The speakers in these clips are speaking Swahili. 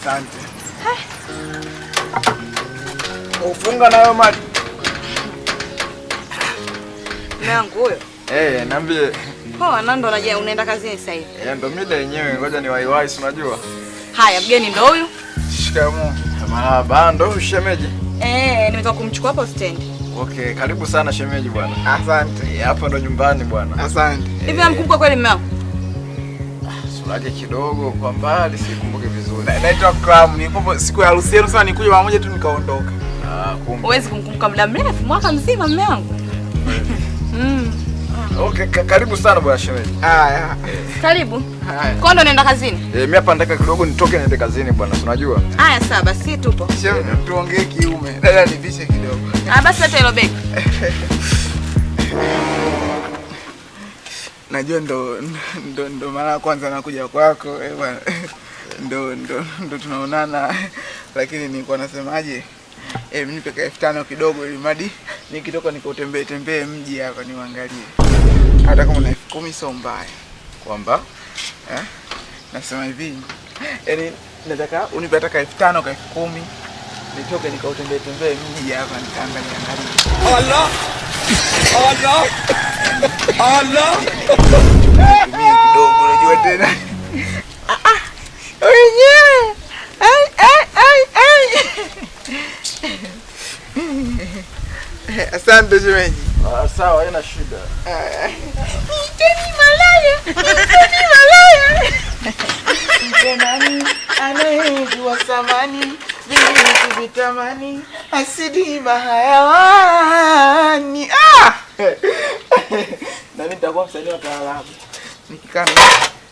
Asante. Ufunga nayo maji. Eh, niambie. Poa, na ndo unajua unaenda kazini sasa hivi. Eh, ndo mida yenyewe, ngoja ni waiwai, si unajua. Haya, mgeni ndo huyu. Shikamoo. Marhaba, ndo shemeji. Eh, nimetoka kumchukua hapo stendi. Okay, karibu sana shemeji bwana. Asante. Eh, hapa ndo nyumbani bwana. Asante. Hivi namkumbuka eh. kweli mmeo? wangu? Ah, sura yake kidogo kwa mbali sikumbuka naitwa Clam, nilikuwa siku ya harusi yenu sana, nikuja mara moja tu nikaondoka. Ah, kumbe. Huwezi kumkumbuka muda mrefu, mwaka mzima mume wangu. Mm. Okay, karibu sana bwana shemeji. Haya. Karibu. Haya. Kwa ndo naenda kazini? Eh, mimi hapa nataka kidogo nitoke niende kazini bwana, unajua? Haya sawa, basi tupo. Shemeji, eh, eh. tuongee kiume. Dada nivishe kidogo. Ah, basi hata hilo begi. najua ndo, ndo, ndo mara ya kwanza nakuja kwako eh, bwana ndo, ndo, ndo tunaonana lakini nilikuwa nasemaje eh, mnipe ka elfu tano kidogo ili madi nikitoka nikutembee tembee mji hapa niwaangalie hata kama na elfu kumi sio mbaya kwamba eh? Nasema hivi yaani, nataka unipe hata elfu tano ka elfu kumi nitoke nikautembee tembee mji hapa nikaangalie angalia. Allah Allah Allah. Kidogo unajua Asante shemeji. Ah, sawa, haina shida. Mtemi malaya. Mtemi malaya. Mtemi anayejua samani vitu vitamani asidi mahayawani. Ah! msanii wa taarabu, nikikaa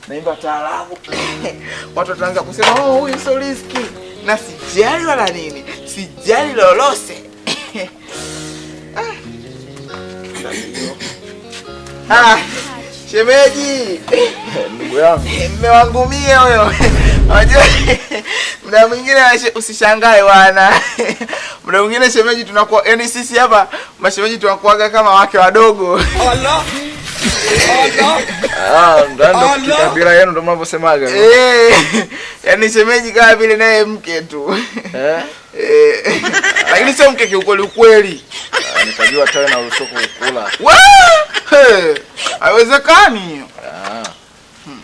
naimba taarabu watu wataanza kusema oh, huyu solisti, na sijali wala nini, sijali lolose ah. ah. Shemeji, ndugu yangu, mme wangu mie huyo. Unajua mda mwingine usishangae wana mda mwingine shemeji tunakuwa, yani sisi hapa mashemeji tunakuwaga kama wake wadogo Kabila yenu ndo mnavyosemaga. Eh. Yaani shemeji kama vile naye mke tu, eh? Eh. lakini sio mke kiukweli ukweli. Ah, Nikajua na Haiwezekani hiyo. Ah. Hmm.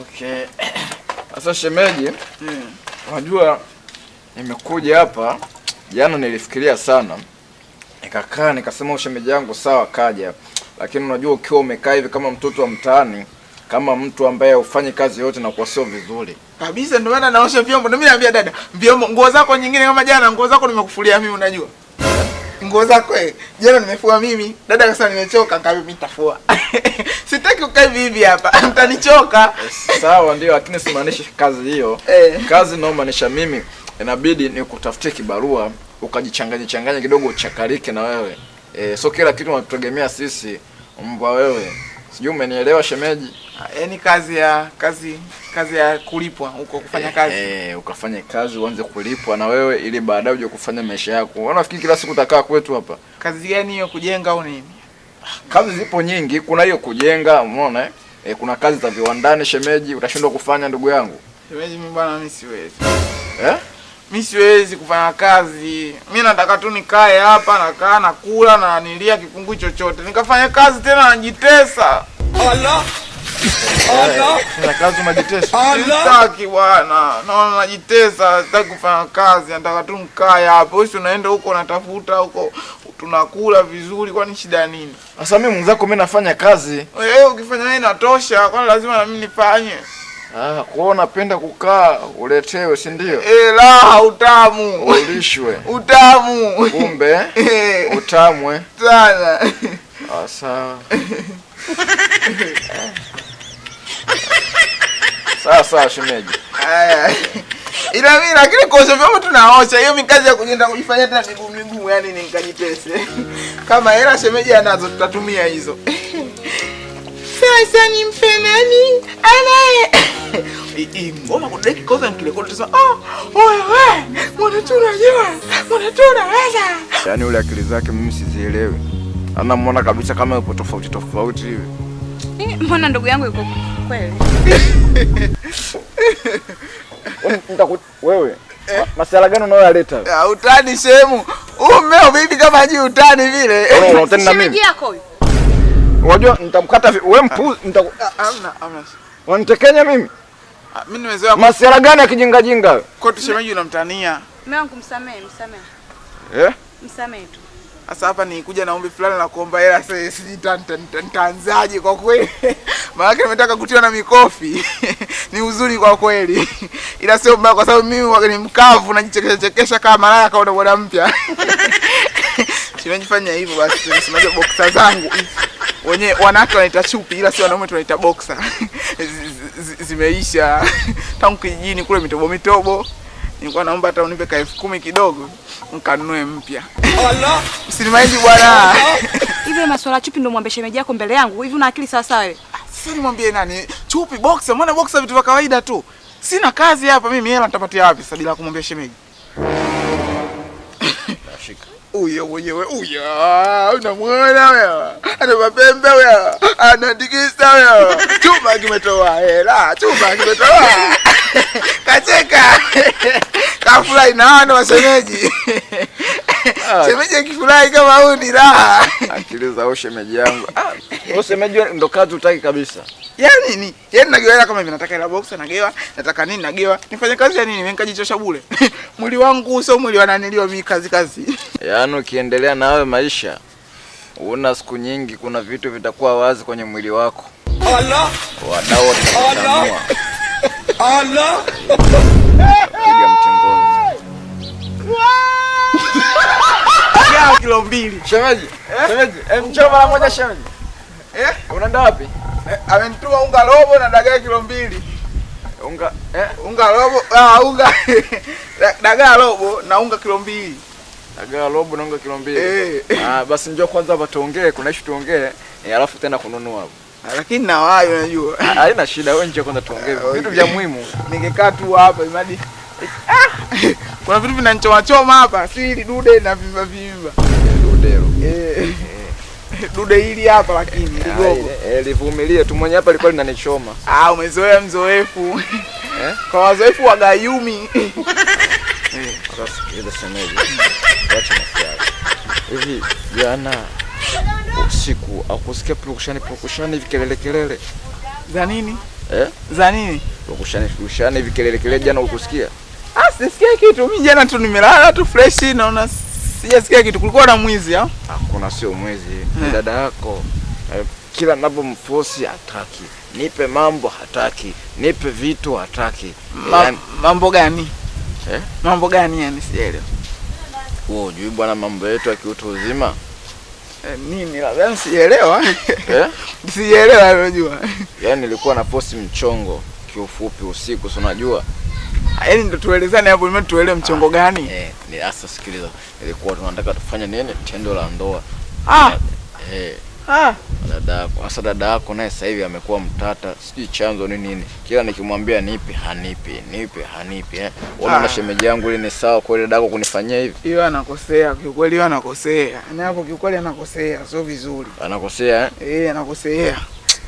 Okay. Sasa shemeji, hmm. unajua nimekuja hapa jana, nilifikiria sana, nikakaa nikasema ushemeji wangu sawa, kaja hapa lakini unajua ukiwa umekaa hivi kama mtoto wa mtaani, kama mtu ambaye hufanyi kazi yote na kwa sio vizuri kabisa. Ndio maana naosha vyombo, na mimi naambia dada, vyombo nguo zako nyingine kama jana, nguo zako nimekufulia mimi, unajua nguo zako eh, jana nimefua mimi. Dada akasema nimechoka, kabisa mimi nitafua sitaki ukae hivi hivi hapa mtanichoka. Sawa, ndio, lakini simaanishi kazi hiyo eh. Kazi naomaanisha mimi inabidi ni nikutafutie kibarua ukajichanganya changanya kidogo uchakarike na wewe eh, so kila kitu unatutegemea sisi Mbwa wewe, sijui umenielewa shemeji. Ah, yaani kazi ya kazi kazi ya kulipwa huko kufanya eh, kazi eh, ukafanye kazi uanze kulipwa na wewe, ili baadaye uje kufanya maisha yako. Unafikiri kila siku utakaa kwetu hapa? Kazi gani hiyo, kujenga au nini? Ah, kazi zipo nyingi, kuna hiyo kujenga, umeona eh? eh, kuna kazi za viwandani shemeji, utashindwa kufanya ndugu yangu shemeji? Mimi bwana, mimi siwezi eh mi siwezi kufanya kazi, mi nataka tu nikae hapa, nakaa nakula na nilia kipungui chochote, nikafanya kazi tena najitesa. Eh, sitaki bwana, naona najitesa, sitaki kufanya kazi, nataka tu nikae hapa. si unaenda huko natafuta huko tunakula vizuri, kwani shida nini? Sasa mi mwenzako, mi nafanya kazi, wewe eh, ukifanya wewe inatosha, kwani lazima na mimi nifanye? Ah, kwa unapenda kukaa uletewe, si ndio? Eh, raha eh, utamu. Ulishwe. Utamu. Kumbe. Utamu eh. utamwe. Sana. Ah, sawa. Sawa sawa shemeji. Aya. Ila mimi lakini kwa sababu tunaosha hiyo mikazi ya kujenda kujifanya tena miguu miguu yani ni nikajitese. Mm. Kama hela shemeji anazo tutatumia hizo. Mm. Sasa ni nimpeni nani? Anaye ngoma kwa dakika nikirekodi tu sana. Oh, wewe mbona tu unajua? Mbona tu unaweza? Yaani ule akili zake mimi sizielewi. Ana kabisa kama yupo tofauti tofauti hivi. Eh, mbona ndugu yangu yuko kweli? Wewe masuala gani unayoyaleta? Eh, utani kama utani vile. Unatani na mimi. Unajua nitamkata wewe ah, mimi. Ah, Masiara gani ya kijinga jinga Kwa tu shemeji unamtania. Mume wangu msamee, msamee. Eh? Msamee tu. Sasa hapa ni kuja na ombi fulani la kuomba hela sijui nitaanzaje kwa kweli. Maana nimetaka kutiwa na mikofi. Ni uzuri kwa kweli. Ila sio mbaya kwa sababu mimi ni mkavu najichekesha chekesha kama malaya kaona bwana mpya. Shemeji fanya hivyo basi, tusimaje boksa zangu wenye wanawake wanaita chupi, ila si wanaume tunaita boksa Zimeisha tangu kijijini kule, mitobo mitobo. Nilikuwa naomba hata unipe ka elfu kumi kidogo nkanunue mpya. Usinimaindi bwana. Hivi maswala chupi ndo mwambie shemeji yako mbele yangu? Hivi una akili sawa sawa ah, Sasa nimwambie nani? Chupi boksa? mbona boksa vitu vya kawaida tu. Sina kazi hapa mimi, hela nitapatia wapi sasa bila kumwambia shemeji? Shika huyo mwenyewe huyo, unamwona wewe, ana mapembe wewe, anandikisa wewe, chuma kimetoa hela, chuma kimetoa kacheka kafurahi naano wasemeji Yaani shemeji akifurahi kama huyu ni raha. Akili za shemeji yangu. Ah, wewe shemeji ndo kazi utaki kabisa. Yaani ni, yaani nagewa hela kama hivi nataka hela box nagewa, nataka nini nagewa. Nifanye kazi ya nini? Mimi nikajichosha bure. Mwili wangu sio mwili wa nani leo mimi kazi kazi. Yaani ukiendelea na wewe maisha una siku nyingi kuna vitu vitakuwa wazi kwenye mwili wako. Allah. Wadau Allah. Allah. kilo mbili. Shemeji, eh? shemeji, eh, mchoma la moja shemeji. Eh? Unaenda wapi? Eh, amenituma unga robo na dagaa kilo mbili. Unga eh, unga robo, ah unga dagaa robo na unga kilo mbili. Dagaa robo na unga kilo mbili. Eh. Ah, basi njoo kwanza hapa tuongee, kuna issue tuongee, eh, alafu tena kununua hapo. Ah, lakini na wao unajua. Ah, haina shida, wewe njoo kwanza tuongee. Vitu vya muhimu. Ningekaa tu hapa imadi. Ah! kuna vitu choma hapa, si hili dude na vimba vimba dude eh. hili hapa, lakini ligogo eh, eh, livumilie tu, mwenye hapa alikuwa linanichoma. Ah, umezoea mzoefu eh? Kwa wazoefu wagayumi hivi jana usiku akusikia purukushani purukushani hivi kelele kelele za nini eh? za nini purukushani purukushani hivi kelele kelele jana ukusikia sisikia kitu. Mimi jana tu nimelala tu fresh, naona sijasikia kitu. Kulikuwa na mwizi au? Hakuna, sio mwizi hmm. ni Dada yako eh, kila ninapomfosi hataki, nipe mambo hataki, nipe vitu hataki. Ma, yani... mambo gani eh? mambo gani yani, sijaelewa. Wewe unajui bwana mambo yetu ya kiutu uzima eh, nini labda yaani sijaelewa eh? sijaelewa unajua. Yani nilikuwa na posi mchongo kiufupi usiku, si unajua yaani ndo tuelezane hapo, mimi tuelewe mchongo ah, gani? Eh, ni hasa sikiliza, ilikuwa tunataka tufanye nini tendo la ndoa. Ah. Eh. Ah. Dada yako, hasa dada yako naye sasa hivi amekuwa mtata, sijui chanzo ni nini. Kila nikimwambia nipe hanipi, nipe hanipi. Eh. Ona na ah. shemeji yangu ile ni sawa kweli dada yako kunifanyia hivi? Hiyo anakosea, kiukweli hiyo anakosea. Na yaani hapo kiukweli anakosea, sio vizuri. Anakosea eh? Eh, anakosea.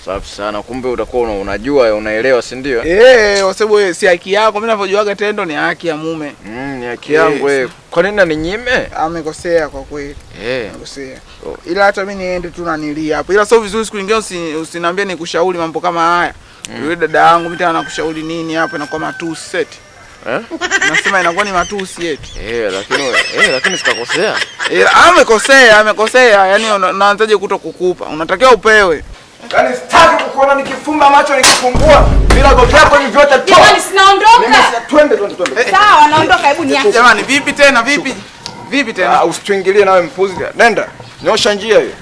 Safi sana. Kumbe utakuwa unajua unaelewa, si ndio? Eh, kwa sababu wewe si haki yako. Mimi ninavyojuaga tendo ni haki ya mume. Mm, ni haki yangu eh, wewe. Kwa nini unaninyime? Amekosea kwa kweli. Eh. Amekosea. oh. Ila hata mimi niende tu na nilia hapo. Ila sio vizuri siku nyingine usi, usiniambie nikushauri mambo kama haya. Mm. Yule dada yangu mimi tena nakushauri nini hapo inakuwa matusi set Eh? Nasema inakuwa ni matusi eti. Eh, lakini eh lakini sikakosea. Eh, amekosea, amekosea. Yaani unaanzaje kuto kukupa? Unatakiwa upewe. Yaani sitaki kukuona nikifumba macho nikifungua bila gogo yako hivi vyote tu. Jamani sinaondoka. Twende twende twende. Sawa naondoka hebu niache. Jamani vipi tena vipi? Vipi tena? Ah, usituingilie nawe mpuzi. Nenda. Nyosha njia hiyo.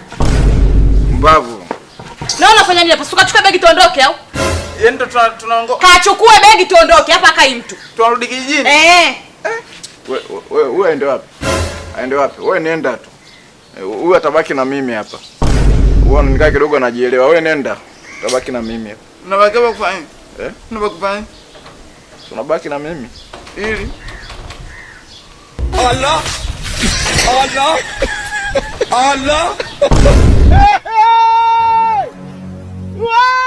Mbavu. Naona unafanya nini hapa? Suka chukua begi tuondoke au? Yeye ndo tunaongoka. Kachukue begi tuondoke hapa kai mtu. Tunarudi kijijini. Eh. Wewe wewe wewe aende wapi? Aende wapi? Wewe nenda tu. Eh, huyu atabaki na mimi hapa. Bwana nikae kidogo anajielewa. Wewe nenda. Utabaki na mimi. Unabaki hapa kufanya? Eh? Unabaki kufanya? Unabaki na mimi. Ili. Allah. Allah. Allah. Wow!